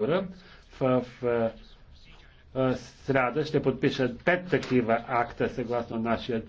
в среда ще подпишат пет такива акта съгласно нашия